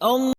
ông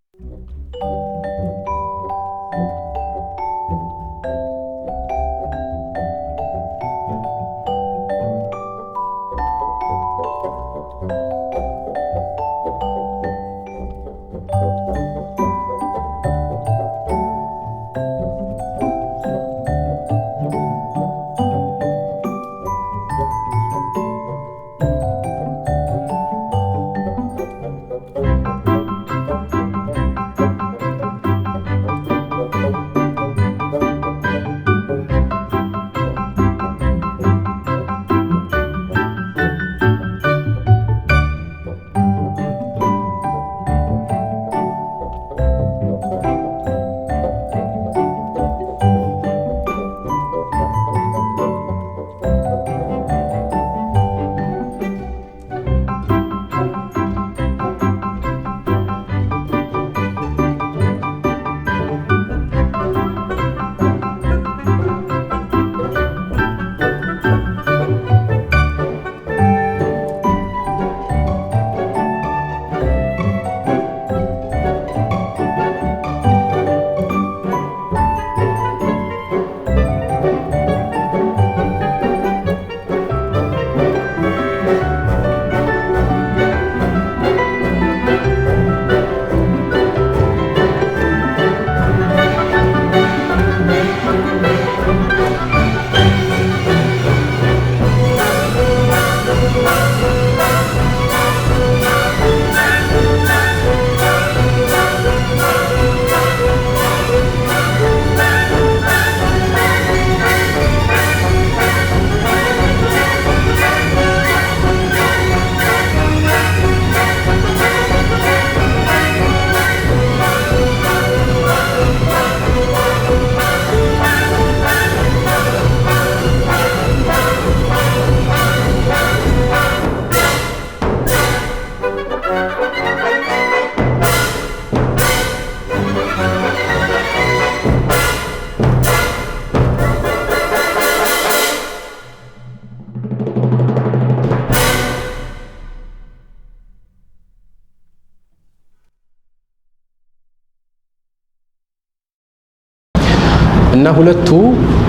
እና ሁለቱ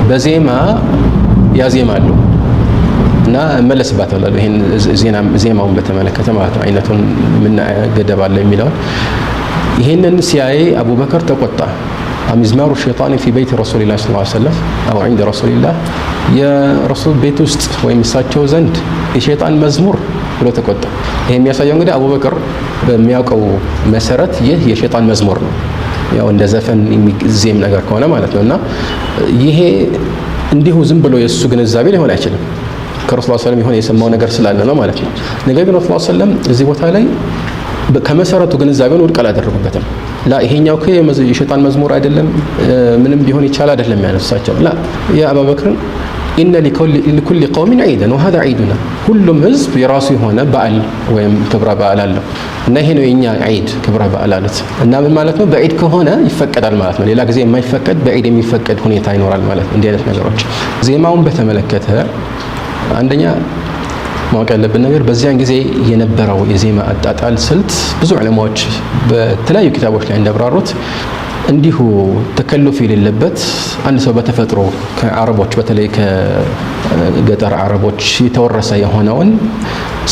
በዜማ ያዜማሉ እና መለስባት ይሄን ዜና ዜማውን በተመለከተ ማለት ነው። አይነቱን ምን ገደባለ አለ የሚለውን ይህንን ሲያይ አቡበከር ተቆጣ። አሚዝማሩ ሸይጣን ፊ ቤት ረሱልላህ ሰለላሁ ዐለይሂ ወሰለም አው ዒንድ ረሱልላህ የረሱል ቤት ውስጥ ወይም እሳቸው ዘንድ የሸይጣን መዝሙር ብሎ ተቆጣ። ይሄ የሚያሳየው እንግዲህ አቡበከር በሚያውቀው መሰረት ይህ የሸይጣን መዝሙር ነው። ያው እንደ ዘፈን የሚዜም ነገር ከሆነ ማለት ነው። እና ይሄ እንዲሁ ዝም ብሎ የእሱ ግንዛቤ ሊሆን አይችልም። ከረሱል ሰለም የሆነ የሰማው ነገር ስላለ ነው ማለት ነው። ነገር ግን ረሱል ሰለም እዚህ ቦታ ላይ ከመሰረቱ ግንዛቤውን ውድቅ አላደረጉበትም። ላ ይሄኛው የሸጣን መዝሙር አይደለም፣ ምንም ቢሆን ይቻል አይደለም ያነሳቸው ላ የአባበክርን ኢነ ሊኩል ቀውሚን ዒደን ወሀዛ ዒዱና፣ ሁሉም ህዝብ የራሱ የሆነ በዓል ወይም ክብረ በዓል አለው እና ይሄ ነው የኛ ዒድ ክብረ በዓል አሉት እና ምን ማለት ነው? በዒድ ከሆነ ይፈቀዳል ማለት ነው። ሌላ ጊዜ የማይፈቀድ በዒድ የሚፈቀድ ሁኔታ ይኖራል ማለት ነው። እንዲህ አይነት ነገሮች ዜማውን በተመለከተ አንደኛ ማወቅ ያለብን ነገር በዚያን ጊዜ የነበረው የዜማ አጣጣል ስልት ብዙ ዕለማዎች በተለያዩ ኪታቦች ላይ እንዳብራሩት እንዲሁ ተከልፍ የሌለበት አንድ ሰው በተፈጥሮ ከአረቦች በተለይ ከገጠር አረቦች የተወረሰ የሆነውን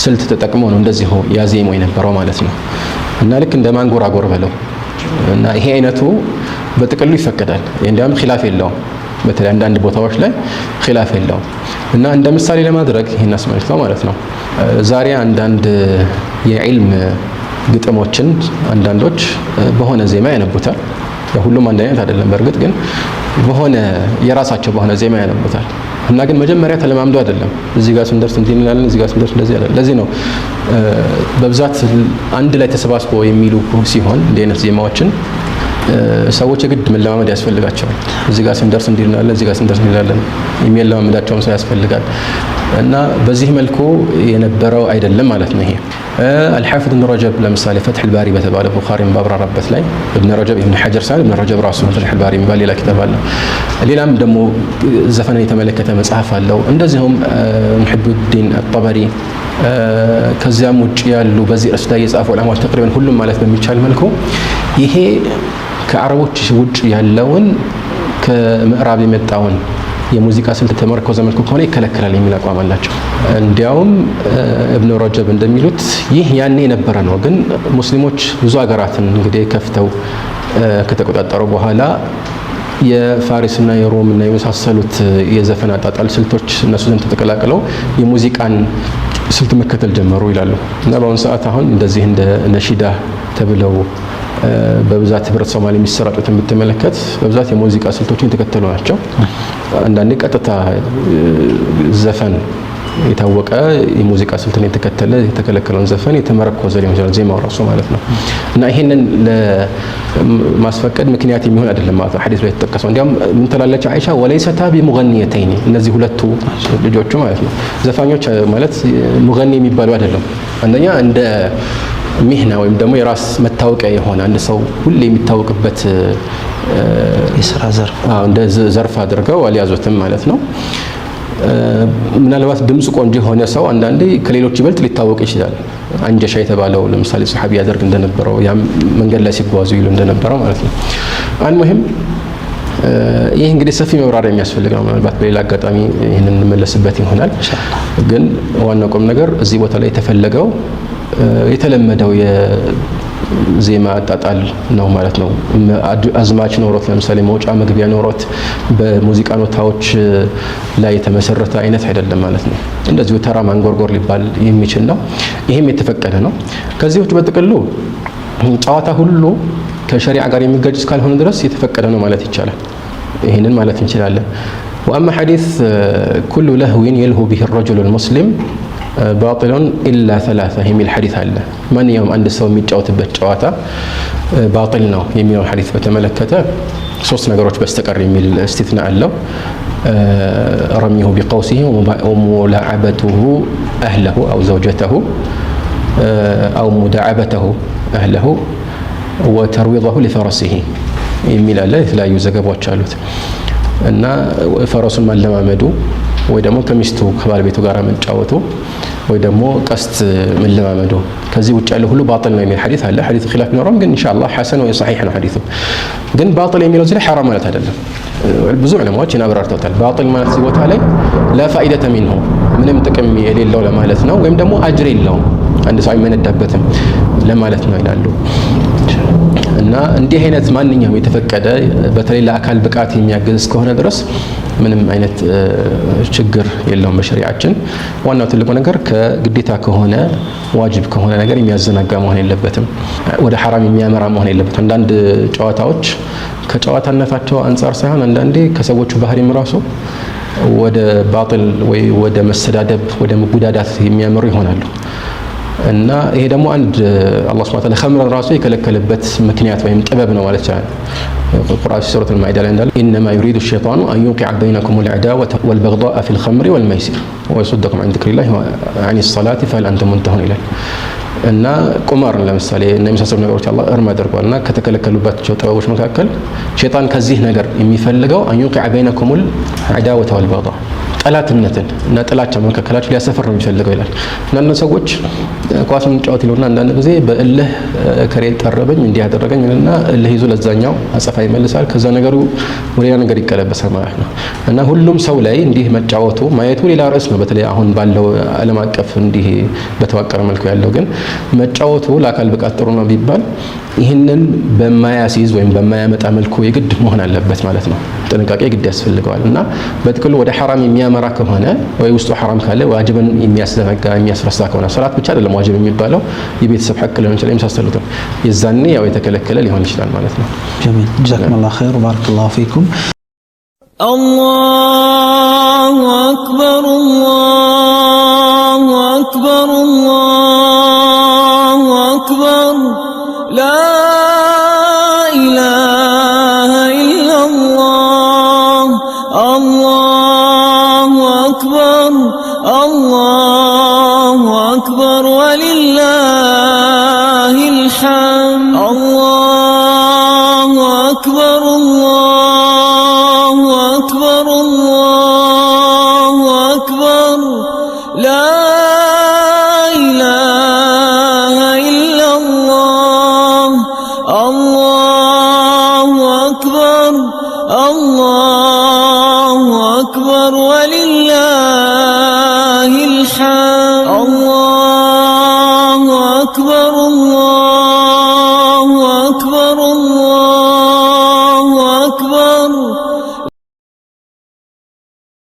ስልት ተጠቅሞ ነው እንደዚሁ ያዜሞ የነበረው ማለት ነው። እና ልክ እንደ ማንጎራጎር በለው እና ይሄ አይነቱ በጥቅሉ ይፈቀዳል። እንዲያውም ኪላፍ የለውም። በተለይ አንዳንድ ቦታዎች ላይ ኪላፍ የለውም። እና እንደ ምሳሌ ለማድረግ ይህን አስመልክተው ማለት ነው ዛሬ አንዳንድ የዕልም ግጥሞችን አንዳንዶች በሆነ ዜማ ያነቡታል። ሁሉም አንድ አይነት አይደለም። በእርግጥ ግን በሆነ የራሳቸው በሆነ ዜማ ያነቡታል እና ግን መጀመሪያ ተለማምዶ አይደለም። እዚህ ጋር ስንደርስ እንዲህ እንላለን፣ እዚህ ጋር ስንደርስ እንደዚህ አይደለም። ለዚህ ነው በብዛት አንድ ላይ ተሰባስቦ የሚሉ ሲሆን እንዲህ አይነት ዜማዎችን ሰዎች የግድ መለማመድ ያስፈልጋቸዋል። እዚህ ጋር ስንደርስ እንዲህ እንላለን፣ እዚህ ጋር ስንደርስ እንዲህ እንላለን። የሚለማመዳቸውም ሰው ያስፈልጋል እና በዚህ መልኩ የነበረው አይደለም ማለት ነው ይሄ አልሐፊዝ እብን ረጀብ ለምሳሌ ፈትሕ ልባሪ በተባለ ቡኻሪ ባብራራበት ላይ እብን ረጀብ ኢብን ሐጀር ሳይሆን እብን ረጀብ ራሱ ፈትሕ ልባሪ የሚባል ሌላ ኪታብ አለው። ሌላም ደግሞ ዘፈንን የተመለከተ መጽሐፍ አለው። እንደዚሁም ሙሕቡዲን አጠበሪ ከዚያም ውጭ ያሉ በዚህ ርዕስ ላይ የጻፉ ዑለማዎች ተቅሪበን ሁሉም ማለት በሚቻል መልኩ ይሄ ከአረቦች ውጭ ያለውን ከምዕራብ የመጣውን የሙዚቃ ስልት ተመርኮዘ መልኩ ከሆነ ይከለከላል የሚል አቋም አላቸው። እንዲያውም እብነ ረጀብ እንደሚሉት ይህ ያኔ የነበረ ነው። ግን ሙስሊሞች ብዙ ሀገራትን እንግዲህ ከፍተው ከተቆጣጠሩ በኋላ የፋሪስና እና የመሳሰሉት የዘፈን አጣጣል ስልቶች እነሱ ዘንድ ተቀላቅለው የሙዚቃን ስልት መከተል ጀመሩ ይላሉ እና በአሁኑ ሰዓት አሁን እንደዚህ እንደ ነሺዳ ተብለው በብዛት ህብረት ላይ የሚሰራጩት የምትመለከት በብዛት የሙዚቃ ስልቶችን የተከተሉ ናቸው። አንዳንዴ ቀጥታ ዘፈን የታወቀ የሙዚቃ ስልትን የተከተለ የተከለከለውን ዘፈን የተመረኮዘ ሊሆን ይችላል፣ ዜማው ራሱ ማለት ነው። እና ይሄንን ለማስፈቀድ ምክንያት የሚሆን አይደለም ማለት ነው። ሐዲስ ላይ የተጠቀሰው እንዲያውም ምን ትላለች አይሻ ወለይሰታ ቢሙገኒየተይኒ እነዚህ ሁለቱ ልጆቹ ማለት ነው ዘፋኞች ማለት ሙገኒ የሚባሉ አይደለም። አንደኛ እንደ ሚህና ወይም ደግሞ የራስ መታወቂያ የሆነ አንድ ሰው ሁሌ የሚታወቅበት የስራ ዘርፍ እንደ ዘርፍ አድርገው አልያዙትም ማለት ነው። ምናልባት ድምፅ ቆንጆ የሆነ ሰው አንዳንዴ ከሌሎች ይበልጥ ሊታወቅ ይችላል። አንጀሻ የተባለው ለምሳሌ ሰሓቢ ያደርግ እንደነበረው ያም መንገድ ላይ ሲጓዙ ይሉ እንደነበረው ማለት ነው። አልሙሂም ይህ እንግዲህ ሰፊ መብራሪያ የሚያስፈልግ ነው። ምናልባት በሌላ አጋጣሚ ይህንን እንመለስበት ይሆናል። ግን ዋናው ቁም ነገር እዚህ ቦታ ላይ የተፈለገው የተለመደው የዜማ አጣጣል ነው ማለት ነው። አዝማች ኖሮት ለምሳሌ መውጫ መግቢያ ኖሮት በሙዚቃ ኖታዎች ላይ የተመሰረተ አይነት አይደለም ማለት ነው። እንደዚሁ ተራ ማንጎርጎር ሊባል የሚችል ነው። ይህም የተፈቀደ ነው። ከዚህ ውጭ በጥቅሉ ጨዋታ ሁሉ ከሸሪዓ ጋር የሚገጭ እስካልሆነ ድረስ የተፈቀደ ነው ማለት ይቻላል። ይህንን ማለት እንችላለን። ወአማ ሐዲስ ኩሉ ለህዊን የልሁ ቢህ ረጁሉል ሙስሊም ባጢሉን ኢላ ሰላሳ የሚል ሐዲስ አለ። ማንኛውም አንድ ሰው የሚጫወትበት ጨዋታ ባጢል ነው የሚለውን ሐዲስ በተመለከተ ሶስት ነገሮች በስተቀር የሚል እስቲትና አለው። ረሚሁ ቢቀውሲሂ ወሙላዓበቱሁ አህለሁ አው ዘውጀተሁ አው ሙዳዓበተሁ አህለሁ ወተርዊضሁ ሊፈረሲሂ የሚል አለ። የተለያዩ ዘገባዎች አሉት እና ፈረሱን ማለማመዱ ወይ ደግሞ ከሚስቱ ከባለቤቱ ጋር መጫወቱ ወይ ደግሞ ቀስት መለማመዱ። ከዚህ ውጭ ያለው ሁሉ ባጥል ነው የሚል ሐዲስ አለ። ሐዲሱ ኺላፍ ቢኖረውም ግን ኢንሻአላህ ሐሰን ወይ ሰሒሕ ነው ሐዲሱ። ግን ባጥል የሚለው ዝለ ላይ ሐራም ማለት አይደለም። ብዙ ዑለማዎች አብራርተውታል። ባጥል ማለት እዚህ ቦታ ላይ ላ ፋኢደተ ሚንሁ ምንም ጥቅም የሌለው ለማለት ነው፣ ወይም ደግሞ አጅር የለውም አንድ ሰው አይመነዳበትም ለማለት ነው ይላሉ። እና እንዲህ አይነት ማንኛውም የተፈቀደ በተለይ ለአካል ብቃት የሚያገዝ እስከሆነ ድረስ ምንም አይነት ችግር የለውም በሸሪያችን። ዋናው ትልቁ ነገር ከግዴታ ከሆነ ዋጅብ ከሆነ ነገር የሚያዘናጋ መሆን የለበትም፣ ወደ ሐራም የሚያመራ መሆን የለበትም። አንዳንድ ጨዋታዎች ከጨዋታነታቸው አንጻር ሳይሆን አንዳንዴ ከሰዎቹ ባህሪም ራሱ ወደ ባጥል ወይ ወደ መሰዳደብ ወደ መጉዳዳት የሚያመሩ ይሆናሉ እና ይሄ ደግሞ አንድ አላህ ሱብሓነሁ ወተዓላ ኸምረን ራሱ የከለከለበት ምክንያት ወይም ጥበብ ነው ማለት ይቻላል። قراءة سورة المائدة إنما يريد الشيطان أن يوقع بينكم العداوة والبغضاء في الخمر والميسر ويصدكم عن ذكر الله وعن الصلاة فهل أنتم منتهون إليه እና ቁማር ለምሳሌ እና የመሳሰሉ ነገሮች አላ እርም ያደርጓል እና ከተከለከሉባቸው ጥበቦች መካከል ሸይጣን ከዚህ ነገር የሚፈልገው يوقع بينكم العداوة والبغضاء ጠላትነትን እና ጥላቻ በመካከላቸው ሊያሰፍር ነው የሚፈልገው ይላል። አንዳንድ ሰዎች ኳስ መጫወት ይለውና አንዳንድ ጊዜ በእልህ ከሬ ጠረበኝ እንዲህ ያደረገኝ እና እልህ ይዞ ለዛኛው አጸፋ ይመልሳል። ከዛ ነገሩ ወደ ነገር ይቀለበሳል ማለት ነው እና ሁሉም ሰው ላይ እንዲህ መጫወቱ ማየቱ ሌላ ርዕስ ነው። በተለይ አሁን ባለው ዓለም አቀፍ እንዲህ በተዋቀረ መልኩ ያለው ግን መጫወቱ ለአካል ብቃት ጥሩ ነው ቢባል ይህንን በማያስይዝ ወይም በማያመጣ መልኩ የግድ መሆን አለበት ማለት ነው። ጥንቃቄ ግድ ያስፈልገዋል እና በጥቅሉ ወደ ሐራም የሚያመራ ከሆነ ወይ ውስጡ ሐራም ካለ ዋጅብን የሚያስዘነጋ የሚያስረሳ ከሆነ ሶላት ብቻ አይደለም ዋጅብ የሚባለው የቤተሰብ ሐቅ ሊሆን ይችላል፣ የመሳሰሉት የዛኔ ያው የተከለከለ ሊሆን ይችላል ማለት ነው። ጀሚል ጀዛኩሙላሁ ኸይር ወባረከላሁ ፊኩም። አላሁ አክበር